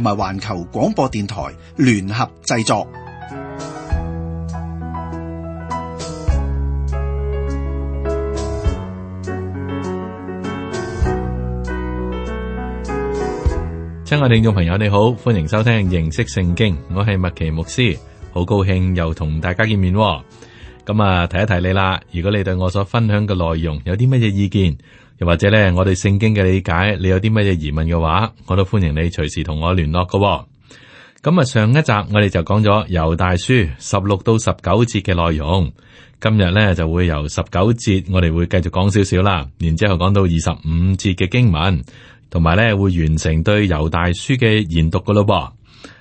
同埋環球廣播電台聯合製作。親愛聽眾朋友，你好，歡迎收聽認識聖經，我係麥奇牧師，好高興又同大家見面。咁、嗯、啊，提一提你啦，如果你對我所分享嘅內容有啲乜嘢意見？又或者咧，我哋聖經嘅理解，你有啲乜嘢疑問嘅話，我都歡迎你隨時同我聯絡、哦。噶咁啊，上一集我哋就講咗猶大書十六到十九節嘅內容。今日咧就會由十九節，我哋會繼續講少少啦。然之後講到二十五節嘅經文，同埋咧會完成對猶大書嘅研讀。噶咯，噃。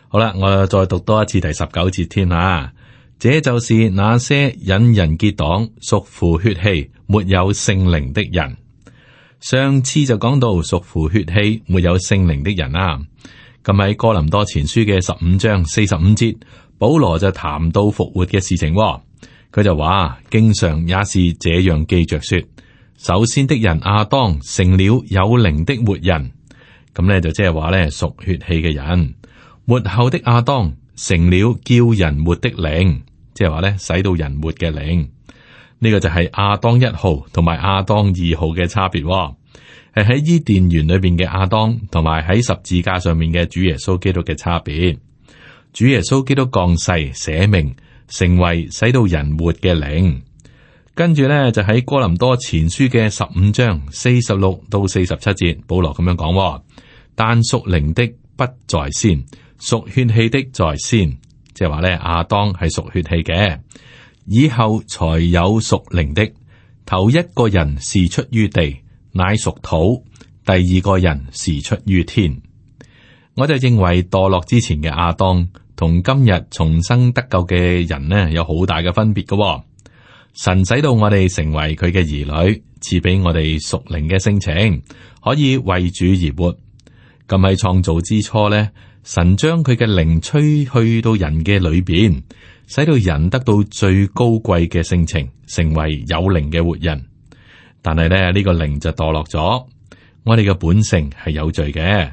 好啦，我再讀多一次第十九節。先吓，這就是那些引人結黨、屬乎血氣、沒有聖靈的人。上次就講到屬乎血氣、沒有聖靈的人啊。咁喺哥林多前書嘅十五章四十五節，保羅就談到復活嘅事情、哦。佢就話：，經常也是這樣記着說，首先的人亞當成了有靈的活人，咁呢，就即係話呢屬血氣嘅人，末後的亞當成了叫人活的靈，即係話呢使到人活嘅靈。呢個就係亞當一號同埋亞當二號嘅差別、哦，係喺伊甸園裏邊嘅亞當，同埋喺十字架上面嘅主耶穌基督嘅差別。主耶穌基督降世捨命，成為使到人活嘅靈。跟住咧就喺哥林多前書嘅十五章四十六到四十七節，保羅咁樣講、哦：，但屬靈的不在先，屬血氣的在先。即係話咧，亞當係屬血氣嘅。以後才有屬靈的。頭一個人是出於地，乃屬土；第二個人是出於天。我就認為墮落之前嘅亞當同今日重生得救嘅人呢，有好大嘅分別嘅、哦。神使到我哋成為佢嘅兒女，賜俾我哋屬靈嘅性情，可以為主而活。咁喺創造之初呢，神將佢嘅靈吹去到人嘅裏邊。使到人得到最高貴嘅性情，成為有靈嘅活人。但係咧，呢、這個靈就墮落咗。我哋嘅本性係有罪嘅，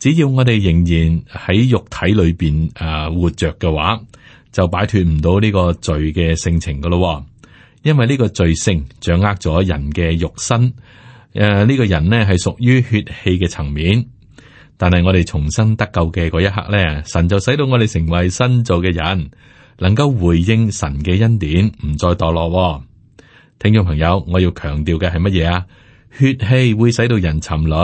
只要我哋仍然喺肉體裏邊誒、呃、活着嘅話，就擺脫唔到呢個罪嘅性情噶咯。因為呢個罪性掌握咗人嘅肉身。誒、呃，呢、這個人咧係屬於血氣嘅層面，但係我哋重生得救嘅嗰一刻咧，神就使到我哋成為新造嘅人。能夠回應神嘅恩典，唔再墮落，哦。聽眾朋友，我要強調嘅係乜嘢啊？血氣會使到人沉淪，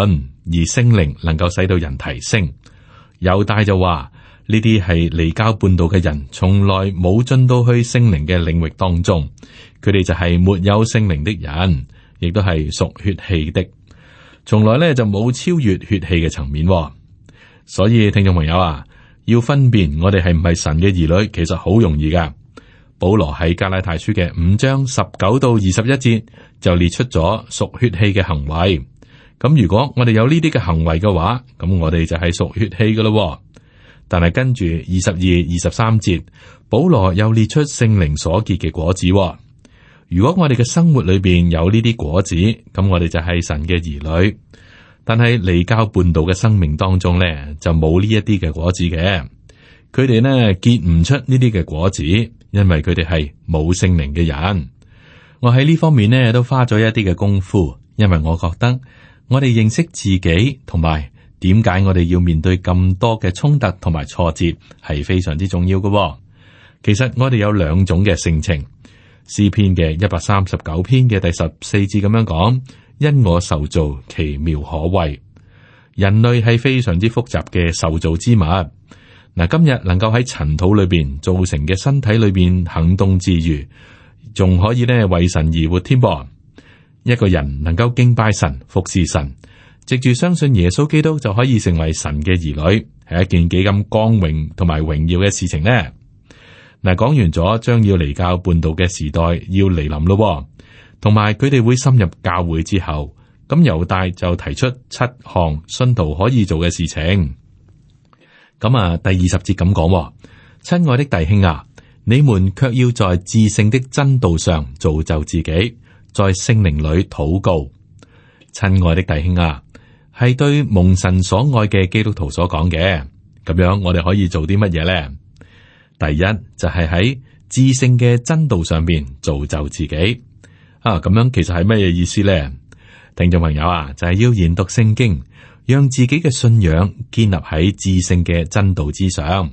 而聖靈能夠使到人提升。猶大就話呢啲係離經叛道嘅人，從來冇進到去聖靈嘅領域當中，佢哋就係沒有聖靈的人，亦都係屬血氣的，從來呢，就冇超越血氣嘅層面。所以，聽眾朋友啊！要分辨我哋係唔係神嘅兒女，其實好容易噶。保羅喺《加拉太書》嘅五章十九到二十一節就列出咗屬血氣嘅行為。咁如果我哋有呢啲嘅行為嘅話，咁我哋就係屬血氣嘅咯。但係跟住二十二、二十三節，保羅又列出聖靈所結嘅果子。如果我哋嘅生活裏邊有呢啲果子，咁我哋就係神嘅兒女。但係離經叛道嘅生命當中咧，就冇呢一啲嘅果子嘅，佢哋呢，結唔出呢啲嘅果子，因為佢哋係冇聖靈嘅人。我喺呢方面呢，都花咗一啲嘅功夫，因為我覺得我哋認識自己同埋點解我哋要面對咁多嘅衝突同埋挫折係非常之重要嘅，哦。其實我哋有兩種嘅性情，詩篇嘅一百三十九篇嘅第十四節咁樣講。因我受造奇妙可畏，人類係非常之複雜嘅受造之物。嗱，今日能夠喺塵土裏邊造成嘅身體裏邊行動自如，仲可以咧為神而活添噃。一個人能夠敬拜神、服侍神，藉住相信耶穌基督，就可以成為神嘅兒女，係一件幾咁光榮同埋榮耀嘅事情呢。嗱，講完咗，將要離教叛道嘅時代要嚟臨咯。同埋，佢哋會深入教會之後，咁猶大就提出七項信徒可以做嘅事情。咁啊，第二十節咁講：親愛的弟兄啊，你們卻要在至聖的真道上造就自己，在聖靈裏禱告。親愛的弟兄啊，係對蒙神所愛嘅基督徒所講嘅。咁樣，我哋可以做啲乜嘢咧？第一就係、是、喺至聖嘅真道上邊造就自己。啊，咁樣其實係咩嘢意思咧？聽眾朋友啊，就係、是，要研讀聖經，讓自己嘅信仰建立喺至聖嘅真道之上。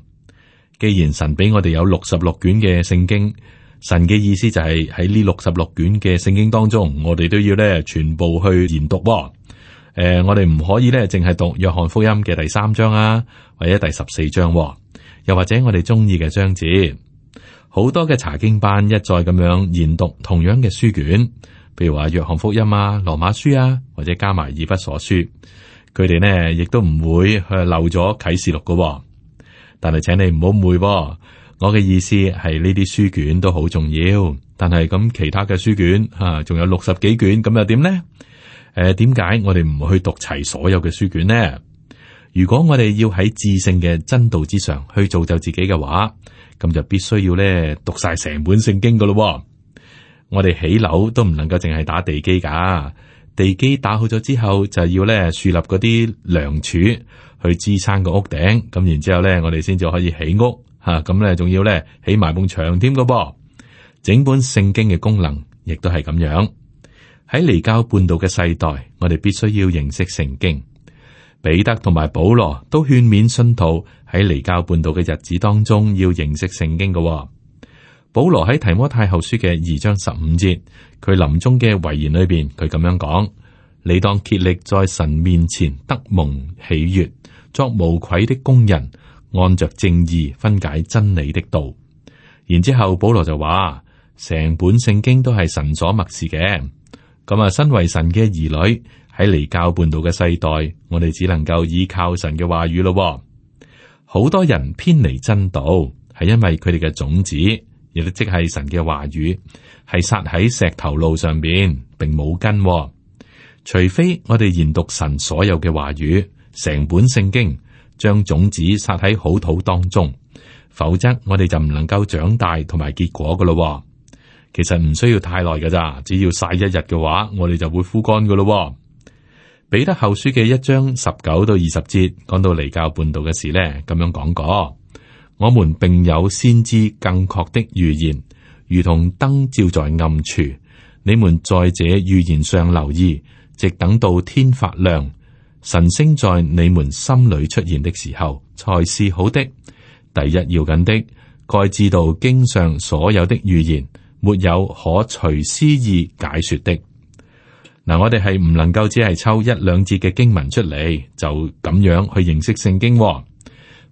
既然神俾我哋有六十六卷嘅聖經，神嘅意思就係喺呢六十六卷嘅聖經當中，我哋都要咧全部去研讀。啊。誒、呃，我哋唔可以咧淨係讀約翰福音嘅第三章啊，或者第十四章，啊，又或者我哋中意嘅章節。好多嘅查經班一再咁樣研讀同樣嘅書卷，譬如話約翰福音啊、羅馬書啊，或者加埋以弗所書，佢哋呢亦都唔會去漏咗啟示錄㗎喎。但係請你唔好誤會，我嘅意思係呢啲書卷都好重要。但係咁其他嘅書卷啊，仲有六十幾卷，咁又點呢？誒、呃，點解我哋唔去讀齊所有嘅書卷呢？如果我哋要喺至聖嘅真道之上去造就自己嘅話，咁就必須要咧讀晒成本聖經嘅咯。我哋起樓都唔能夠淨係打地基噶，地基打好咗之後就要咧樹立嗰啲梁柱去支撐個屋頂。咁然之後咧，我哋先至可以起屋吓。咁咧仲要咧起埋埲牆添噶噃。整本聖經嘅功能亦都係咁樣。喺離教叛道嘅世代，我哋必須要認識聖經。彼得同埋保羅都勸勉信徒喺離經叛道嘅日子當中要認識聖經嘅、哦。保羅喺提摩太後書嘅二章十五節，佢臨終嘅遺言裏邊，佢咁樣講：你當竭力在神面前得蒙喜悅，作無愧的工人，按着正義分解真理的道。然之後保羅就話：成本聖經都係神所默示嘅。咁啊，身為神嘅兒女。喺離經叛道嘅世代，我哋只能夠依靠神嘅話語咯。好多人偏離真道，係因為佢哋嘅種子，亦都即係神嘅話語，係撒喺石頭路上邊，並冇根、哦。除非我哋研讀神所有嘅話語，成本聖經，將種子撒喺好土當中，否則我哋就唔能夠長大同埋結果噶咯。其實唔需要太耐噶咋，只要曬一日嘅話，我哋就會枯乾噶咯。彼得後書嘅一章十九到二十節，講到離教叛道嘅事呢，咁樣講過。我們並有先知更確的預言，如同燈照在暗處。你們在這預言上留意，直等到天發亮，晨星在你們心裏出現的時候，才是好的。第一要緊的，該知道經上所有的預言，沒有可隨私意解說的。.嗱、啊，我哋係唔能夠只係抽一兩節嘅經文出嚟，就咁樣去認識聖經、哦。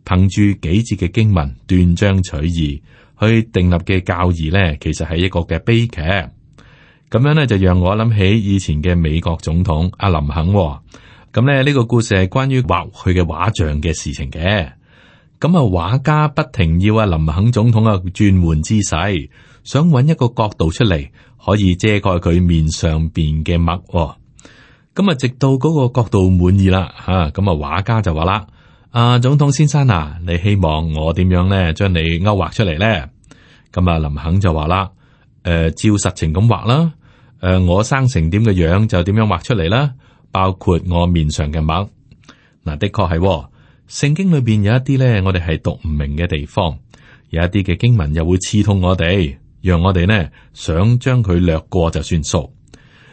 憑住幾節嘅經文斷章取義去訂立嘅教義呢，其實係一個嘅悲劇。咁樣呢，就讓我諗起以前嘅美國總統阿林肯、哦。咁咧呢、呢個故事係關於畫佢嘅畫像嘅事情嘅。咁啊畫家不停要阿林肯總統嘅轉換姿勢。想搵一個角度出嚟，可以遮蓋佢面上邊嘅墨。咁啊，直到嗰個角度滿意啦，吓咁啊，畫家就話啦：阿、啊、總統先生啊，你希望我點樣咧，將你勾畫出嚟咧？咁啊，林肯就話啦：誒、呃，照實情咁畫啦。誒、呃，我生成點嘅樣，樣就點樣畫出嚟啦，包括我面上嘅墨。嗱、啊，的確係聖經裏邊有一啲咧，我哋係讀唔明嘅地方，有一啲嘅經文又會刺痛我哋。讓我哋呢想將佢略過就算數，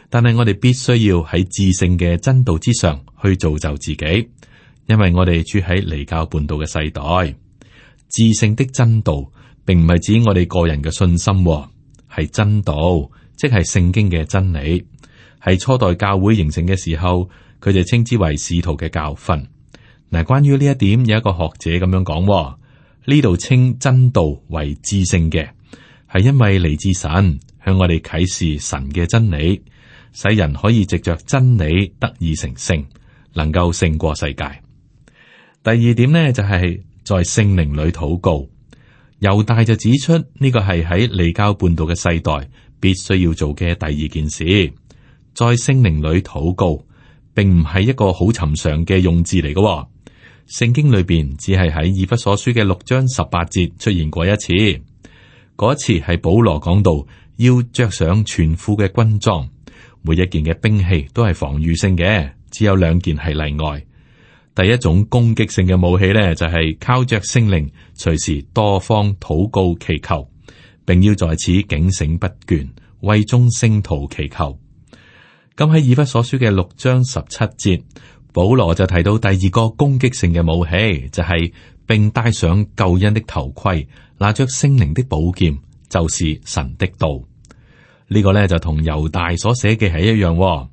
但係我哋必須要喺至聖嘅真道之上去造就自己，因為我哋住喺離教叛道嘅世代。至聖的真道並唔係指我哋個人嘅信心，係真道，即係聖經嘅真理。喺初代教會形成嘅時候，佢哋稱之為使徒嘅教訓。嗱，關於呢一點，有一個學者咁樣講，呢度稱真道為至聖嘅，係因為嚟自神向我哋啟示神嘅真理，使人可以藉着真理得以成聖，能夠勝過世界。第二點呢，就係、是、在聖靈裏禱告。猶大就指出呢、這個係喺離教叛道嘅世代必須要做嘅第二件事，在聖靈裏禱告，並唔係一個好尋常嘅用字嚟嘅、哦。聖經裏邊只係喺《以弗所書》嘅六章十八節出現過一次。嗰次係保羅講到，要着上全副嘅軍裝，每一件嘅兵器都係防禦性嘅，只有兩件係例外。第一種攻擊性嘅武器呢，就係、是、靠着聖靈，隨時多方禱告祈求，並要在此警醒不倦，為眾聖徒祈求。咁喺以弗所書嘅六章十七節，保羅就提到第二個攻擊性嘅武器就係、是。並戴上救恩的頭盔，拿着聖靈的寶劍，就是神的道。呢、這個咧就同猶大所寫嘅係一樣、哦。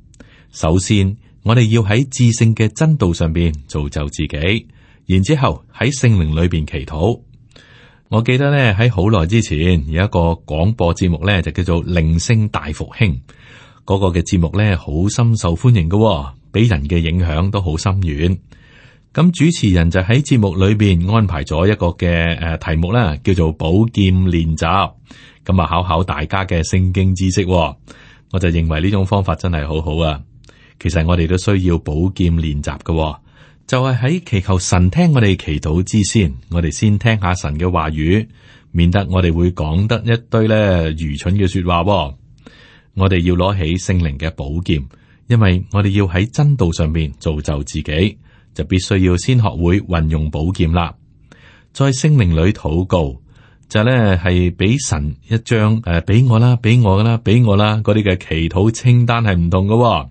首先，我哋要喺至聖嘅真道上邊造就自己，然之後喺聖靈裏邊祈禱。我記得咧喺好耐之前有一個廣播節目咧，就叫做《鈴聲大復興》，嗰、那個嘅節目咧好深受歡迎噶、哦，俾人嘅影響都好深遠。咁主持人就喺節目裏邊安排咗一個嘅誒題目啦，叫做寶劍練習。咁啊，考考大家嘅聖經知識、哦。我就認為呢種方法真係好好啊。其實我哋都需要寶劍練習嘅、哦，就係、是、喺祈求神聽我哋祈禱之先。我哋先聽下神嘅話語，免得我哋會講得一堆咧愚蠢嘅說話、哦。我哋要攞起聖靈嘅寶劍，因為我哋要喺真道上面造就自己。就必須要先學會運用寶劍啦，再聖靈裏禱告，就咧係俾神一張誒俾我啦，俾我啦，俾我啦嗰啲嘅祈禱清單係唔同噶、哦，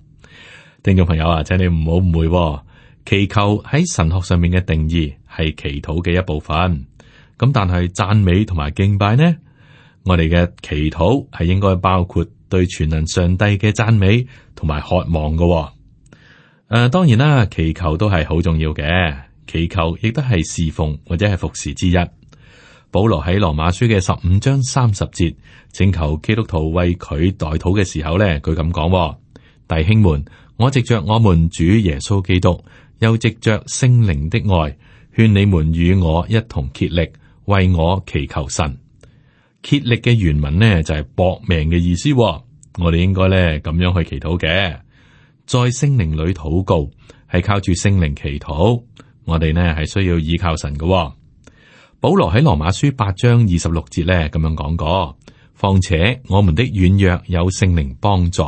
聽眾朋友啊，請你唔好誤會、哦，祈求喺神學上面嘅定義係祈禱嘅一部分，咁但係讚美同埋敬拜呢？我哋嘅祈禱係應該包括對全能上帝嘅讚美同埋渴望噶、哦。誒、呃，當然啦，祈求都係好重要嘅，祈求亦都係侍奉或者係服侍之一。保羅喺羅馬書嘅十五章三十節，請求基督徒為佢代禱嘅時候咧，佢咁講：，弟兄們，我藉着我們主耶穌基督，又藉着聖靈的愛，勸你們與我一同竭力為我祈求神。竭力嘅原文咧就係、是、搏命嘅意思、哦，我哋應該咧咁樣去祈禱嘅。在聖靈裏禱告，係靠住聖靈祈禱。我哋呢係需要依靠神嘅。保羅喺羅馬書八章二十六節呢咁樣講過：況且我們的軟弱有聖靈幫助，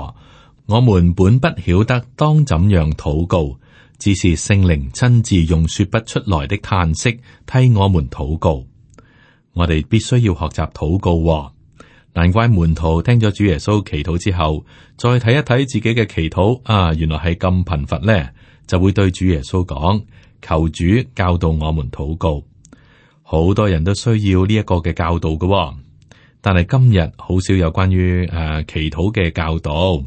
我們本不曉得當怎樣禱告，只是聖靈親自用說不出來的嘆息替我們禱告。我哋必須要學習禱告。難怪門徒聽咗主耶穌祈禱之後，再睇一睇自己嘅祈禱，啊，原來係咁貧乏呢，就會對主耶穌講：求主教導我們禱告。好多人都需要呢一個嘅教導嘅、哦，但係今日好少有關於誒、啊、祈禱嘅教導。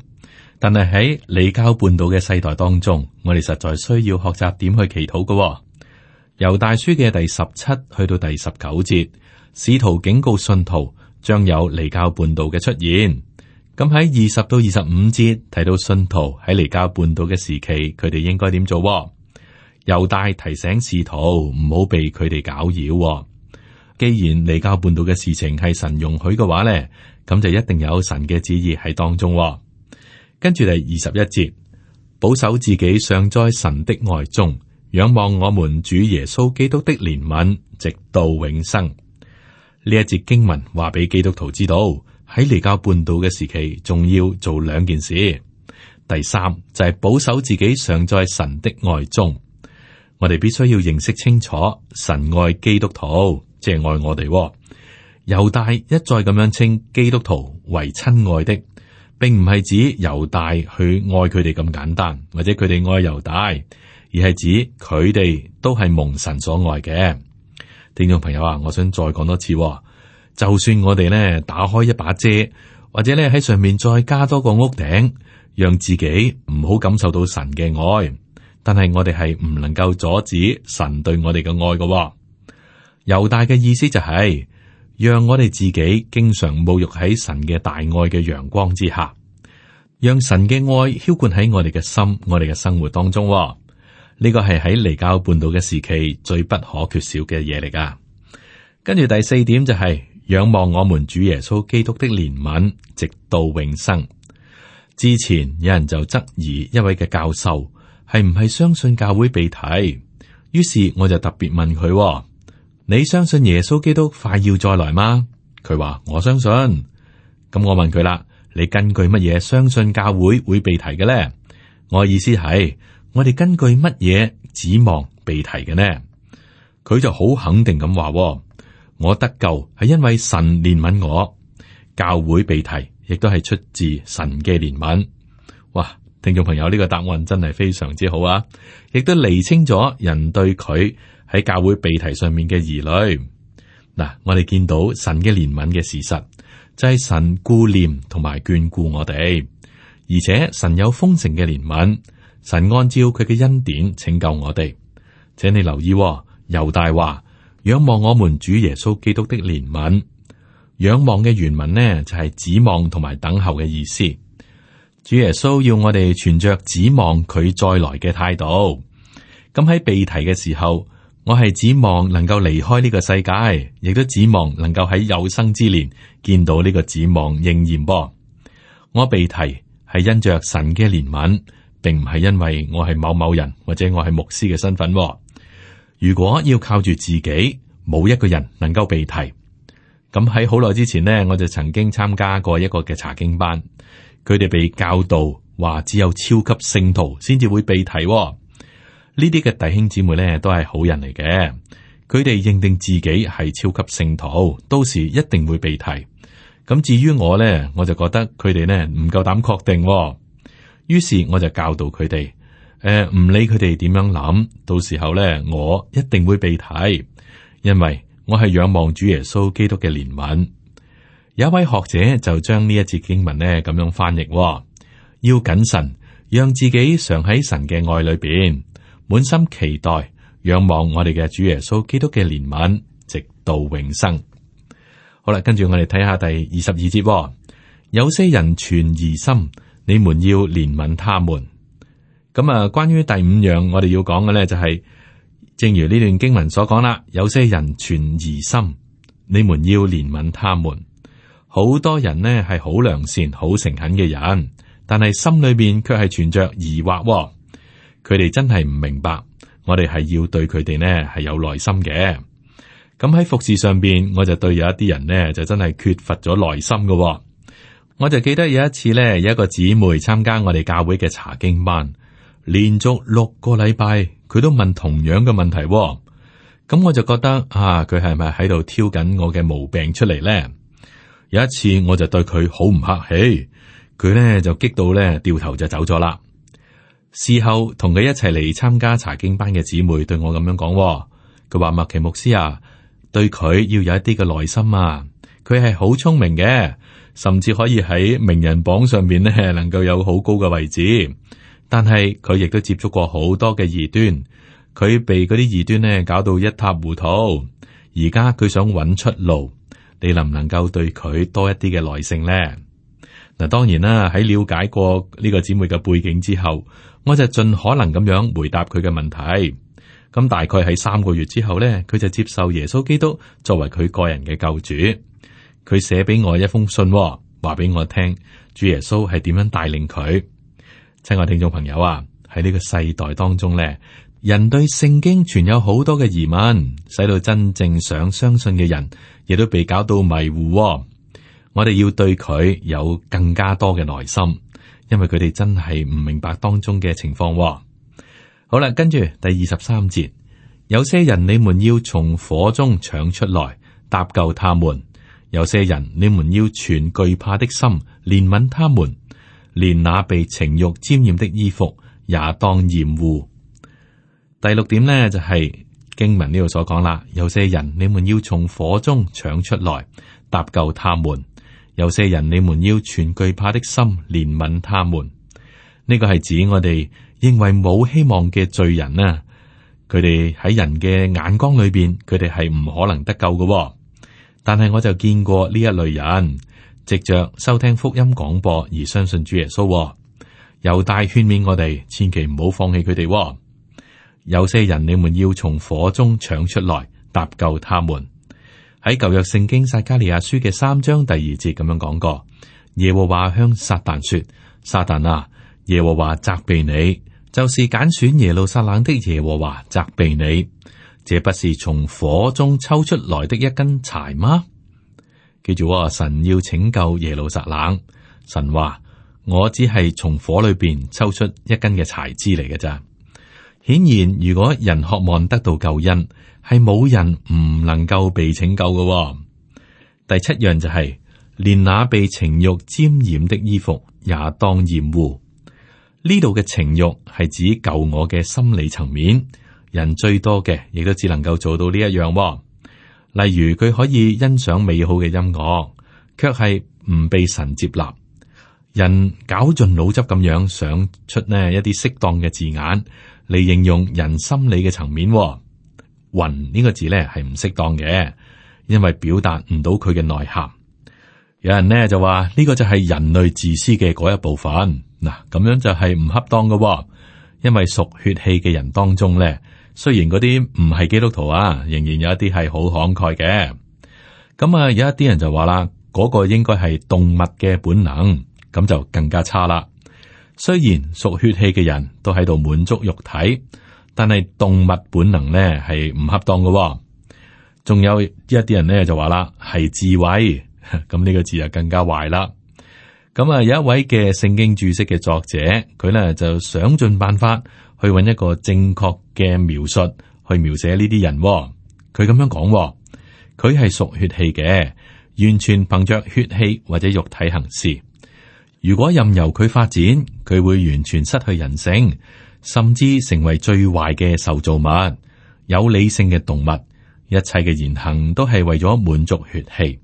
但係喺離經叛道嘅世代當中，我哋實在需要學習點去祈禱嘅、哦。猶大書嘅第十七去到第十九節，使徒警告信徒。將有離教叛道嘅出現，咁喺二十到二十五節睇到信徒喺離教叛道嘅時期，佢哋應該點做？猶大提醒信徒唔好被佢哋攪擾。既然離教叛道嘅事情係神容許嘅話呢，咁就一定有神嘅旨意喺當中哦。跟住嚟，二十一節，保守自己尚在神的愛中，仰望我們主耶穌基督的憐憫，直到永生。呢一節經文話俾基督徒知道，喺離教叛道嘅時期，仲要做兩件事。第三就係、是、保守自己尚在神的愛中。我哋必須要認識清楚，神愛基督徒，即係愛我哋。猶大一再咁樣稱基督徒為親愛的，並唔係指猶大去愛佢哋咁簡單，或者佢哋愛猶大，而係指佢哋都係蒙神所愛嘅。聽眾朋友啊，我想再講多次，哦，就算我哋咧打開一把遮，或者咧喺上面再加多個屋頂，讓自己唔好感受到神嘅愛，但係我哋係唔能夠阻止神對我哋嘅愛嘅，哦。猶大嘅意思就係，是，讓我哋自己經常沐浴喺神嘅大愛嘅陽光之下，讓神嘅愛澆灌喺我哋嘅心、我哋嘅生活當中，哦。呢個係喺離教叛道嘅時期最不可缺少嘅嘢嚟噶。跟住第四點就係仰望我們主耶穌基督的憐憫，直到永生。之前有人就質疑一位嘅教授係唔係相信教會被提，於是我就特別問佢：你相信耶穌基督快要再來嗎？佢話，我相信。咁我問佢啦，你根據乜嘢相信教會會被提嘅咧？我意思係。我哋根據乜嘢指望被提嘅呢？佢就好肯定咁話：「我得救係因為神憐憫我，教會被提亦都係出自神嘅憐憫。哇！聽眾朋友，呢個答案真係非常之好啊！亦都厘清咗人對佢喺教會被提上面嘅疑慮。嗱，我哋見到神嘅憐憫嘅事實就係、是、神顧念同埋眷顧我哋，而且神有豐盛嘅憐憫。神按照佢嘅恩典拯救我哋，請你留意喎。猶大話仰望我們主耶穌基督的憐憫，仰望嘅原文呢就係指望同埋等候嘅意思。主耶穌要我哋存着指望佢再來嘅態度。咁喺被提嘅時候，我係指望能夠離開呢個世界，亦都指望能夠喺有生之年見到呢個指望應驗噃。我被提係因着神嘅憐憫。並唔係因為我係某某人或者我係牧師嘅身份喎。如果要靠住自己，冇一個人能夠被提。咁喺好耐之前呢，我就曾經參加過一個嘅查經班，佢哋被教導話只有超級聖徒先至會被提喎。呢啲嘅弟兄姊妹呢，都係好人嚟嘅，佢哋認定自己係超級聖徒，到時一定會被提。咁至於我呢，我就覺得佢哋呢，唔夠膽確定。於是我就教導佢哋，誒、呃，唔理佢哋點樣諗，到時候咧，我一定會被睇。因為我係仰望主耶穌基督嘅憐憫。有一位學者就將呢一節經文咧咁樣翻譯、哦：，要謹慎，讓自己常喺神嘅愛裏邊，滿心期待仰望我哋嘅主耶穌基督嘅憐憫，直到永生。好啦，跟住我哋睇下第二十二節，有些人存疑心。你們要憐憫他們。咁啊，關於第五樣，我哋要講嘅咧就係、是，正如呢段經文所講啦，有些人存疑心，你們要憐憫他們。好多人呢係好良善、好誠懇嘅人，但係心裏面卻係存着疑惑、哦。佢哋真係唔明白，我哋係要對佢哋呢係有耐心嘅。咁喺服侍上邊，我就對有一啲人呢，就真係缺乏咗耐心嘅、哦。我就記得有一次咧，有一個姊妹參加我哋教會嘅查經班，連續六個禮拜佢都問同樣嘅問題、哦，咁我就覺得啊，佢係咪喺度挑緊我嘅毛病出嚟咧？有一次我就對佢好唔客氣，佢咧就激到咧掉頭就走咗啦。事後同佢一齊嚟參加查經班嘅姊妹對我咁樣講、哦，佢話麥琪牧師啊，對佢要有一啲嘅耐心啊，佢係好聰明嘅。甚至可以喺名人榜上面呢，能夠有好高嘅位置。但係佢亦都接觸過好多嘅異端，佢被嗰啲異端呢搞到一塌糊塗。而家佢想揾出路，你能唔能夠對佢多一啲嘅耐性呢？嗱，當然啦，喺了解過呢個姊妹嘅背景之後，我就盡可能咁樣回答佢嘅問題。咁大概喺三個月之後呢，佢就接受耶穌基督作為佢個人嘅救主。佢寫俾我一封信喎，話俾我聽主耶穌係點樣帶領佢。親愛聽眾朋友啊，喺呢個世代當中咧，人對聖經存有好多嘅疑問，使到真正想相信嘅人亦都被搞到迷糊喎。我哋要對佢有更加多嘅耐心，因為佢哋真係唔明白當中嘅情況喎。好啦，跟住第二十三節，有些人你們要從火中搶出來，搭救他們。有些人你們要全懼怕的心憐憫他們，連那被情欲沾染的衣服也當厭惡。第六點呢、就是，就係經文呢度所講啦，有些人你們要從火中搶出來搭救他們，有些人你們要全懼怕的心憐憫他們。呢個係指我哋認為冇希望嘅罪人啊，佢哋喺人嘅眼光裏邊，佢哋係唔可能得救嘅。但係我就見過呢一類人，藉着收聽福音廣播而相信主耶穌、哦，猶大勸勉我哋，千祈唔好放棄佢哋、哦。有些人你們要從火中搶出來搭救他們，喺舊約聖經撒迦利亞書嘅三章第二節咁樣講過，耶和華向撒旦說：撒旦啊，耶和華責備你，就是揀選耶路撒冷的耶和華責備你。這不是從火中抽出來的一根柴嗎？記住啊，神要拯救耶路撒冷，神話我只係從火裏邊抽出一根嘅柴枝嚟嘅咋。顯然，如果人渴望得到救恩，係冇人唔能夠被拯救嘅、哦。第七樣就係、是、連那被情欲沾染的衣服也當厭惡。呢度嘅情欲係指舊我嘅心理層面。人最多嘅，亦都只能夠做到呢一樣。例如佢可以欣賞美好嘅音樂，卻係唔被神接納。人絞盡腦汁咁樣想出呢一啲適當嘅字眼嚟，形容人心理嘅層面。魂呢個字咧係唔適當嘅，因為表達唔到佢嘅內涵。有人呢就話呢個就係人類自私嘅嗰一部分。嗱，咁樣就係唔恰當嘅，因為屬血氣嘅人當中咧。雖然嗰啲唔係基督徒啊，仍然有一啲係好慷慨嘅。咁啊，有一啲人就話啦，嗰個應該係動物嘅本能，咁就更加差啦。雖然屬血氣嘅人都喺度滿足肉體，但係動物本能呢係唔恰當噶。仲有一啲人呢就話啦，係智慧，咁呢個字啊，更加壞啦。咁啊，有一位嘅聖經註釋嘅作者，佢呢就想盡辦法去搵一個正確嘅描述去描寫呢啲人，哦，佢咁樣講，哦，佢係屬血氣嘅，完全憑着血氣或者肉體行事。如果任由佢發展，佢會完全失去人性，甚至成為最壞嘅受造物。有理性嘅動物，一切嘅言行都係為咗滿足血氣，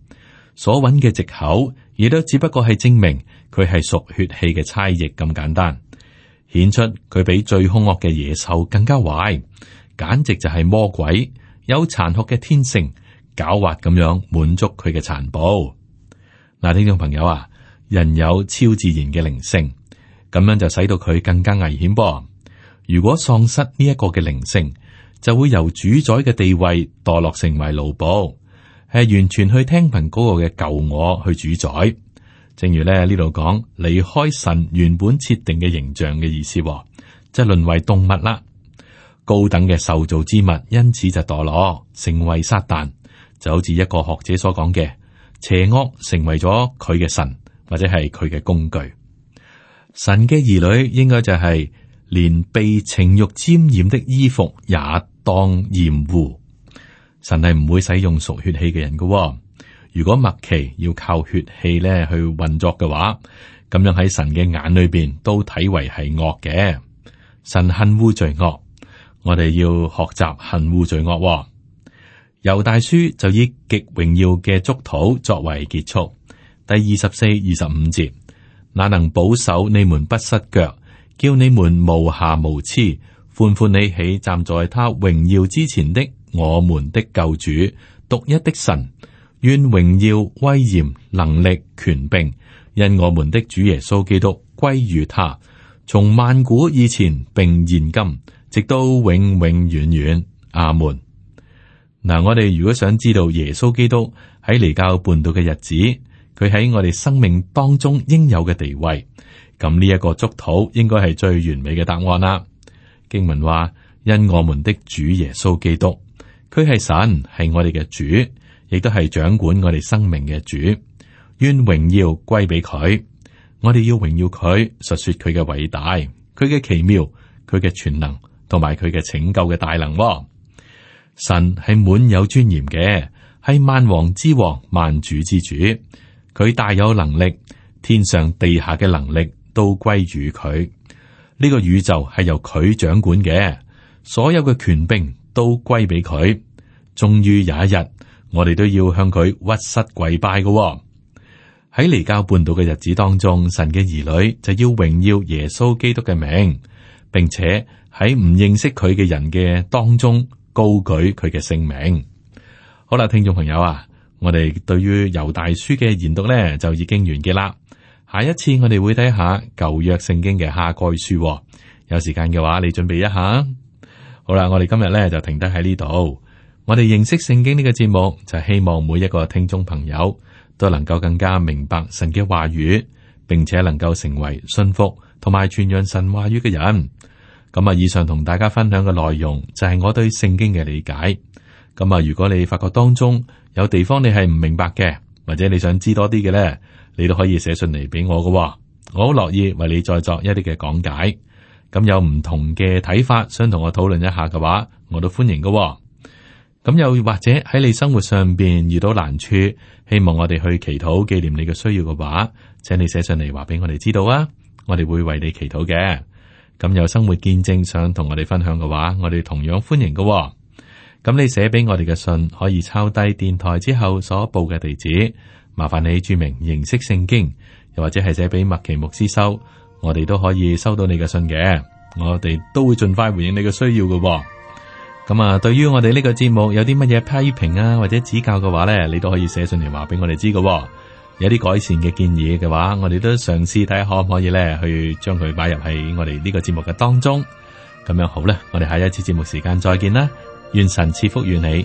所搵嘅借口，亦都只不過係證明佢係屬血氣嘅差役咁簡單。顯出佢比最兇惡嘅野獸更加壞，簡直就係魔鬼，有殘酷嘅天性，狡猾咁樣滿足佢嘅殘暴。嗱，聽眾朋友啊，人有超自然嘅靈性，咁樣就使到佢更加危險。噃，如果喪失呢一個嘅靈性，就會由主宰嘅地位墮落成為奴僕，係完全去聽憑嗰個嘅舊我去主宰。正如呢呢度講，離開神原本設定嘅形象嘅意思，哦，即係淪為動物啦，高等嘅受造之物，因此就墮落，成為撒旦，就好似一個學者所講嘅，邪惡成為咗佢嘅神或者係佢嘅工具。神嘅兒女應該就係、是、連被情欲沾染的衣服也當厭惡，神係唔會使用屬血氣嘅人噶，哦。如果默奇要靠血氣咧去運作嘅話，咁樣喺神嘅眼裏邊都睇為係惡嘅。神恨惡罪惡，我哋要學習恨惡罪惡、哦。猶大書就以極榮耀嘅祝禱作為結束，第二十四、二十五節，那能保守你們不失腳，叫你們無瑕無疵，歡歡喜喜站在他榮耀之前的我們的救主，獨一的神。願榮耀、威嚴、能力、權柄，因我們的主耶穌基督歸於他，從萬古以前並現今，直到永永遠遠。阿門。嗱、啊，我哋如果想知道耶穌基督喺離教半島嘅日子，佢喺我哋生命當中應有嘅地位，咁呢一個祝禱應該係最完美嘅答案啦。經文話：因我們的主耶穌基督，佢係神，係我哋嘅主。亦都係掌管我哋生命嘅主，願榮耀歸俾佢。我哋要榮耀佢，述說佢嘅偉大，佢嘅奇妙，佢嘅全能，同埋佢嘅拯救嘅大能。神係滿有尊嚴嘅，係萬王之王、萬主之主。佢大有能力，天上地下嘅能力都歸於佢。呢個宇宙係由佢掌管嘅，所有嘅權柄都歸俾佢。終於有一日。我哋都要向佢屈膝跪拜嘅喎、哦。喺離教叛道嘅日子當中，神嘅兒女就要榮耀耶穌基督嘅名，並且喺唔認識佢嘅人嘅當中高舉佢嘅姓名。好啦，聽眾朋友啊，我哋對於猶大書嘅研讀呢，就已經完結啦。下一次我哋會睇下舊約聖經嘅哈該書、哦。有時間嘅話，你準備一下。好啦，我哋今日呢，就停得喺呢度。我哋認識聖經呢個節目，就希望每一個聽眾朋友都能夠更加明白神嘅話語，並且能夠成為信服同埋傳揚神話語嘅人。咁啊，以上同大家分享嘅內容就係我對聖經嘅理解。咁啊，如果你發覺當中有地方你係唔明白嘅，或者你想知多啲嘅呢，你都可以寫信嚟俾我噶。我好樂意為你再作一啲嘅講解。咁有唔同嘅睇法，想同我討論一下嘅話，我都歡迎噶。咁又或者喺你生活上邊遇到難處，希望我哋去祈禱紀念你嘅需要嘅話，請你寫上嚟話俾我哋知道啊！我哋會為你祈禱嘅。咁有生活見證想同我哋分享嘅話，我哋同樣歡迎嘅、哦。咁、嗯、你寫俾我哋嘅信可以抄低電台之後所報嘅地址，麻煩你注明形式聖經，又或者係寫俾麥奇牧師收，我哋都可以收到你嘅信嘅。我哋都會盡快回應你嘅需要嘅、哦。咁啊，對於我哋呢個節目有啲乜嘢批評啊，或者指教嘅話呢，你都可以寫信嚟話俾我哋知嘅。有啲改善嘅建議嘅話，我哋都嘗試睇下可唔可以呢，去將佢擺入喺我哋呢個節目嘅當中。咁樣好啦，我哋下一次節目時間再見啦，願神賜福願你。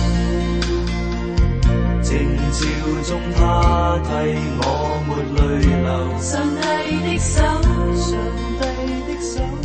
中他替我抹淚流，上帝的手，上帝的手。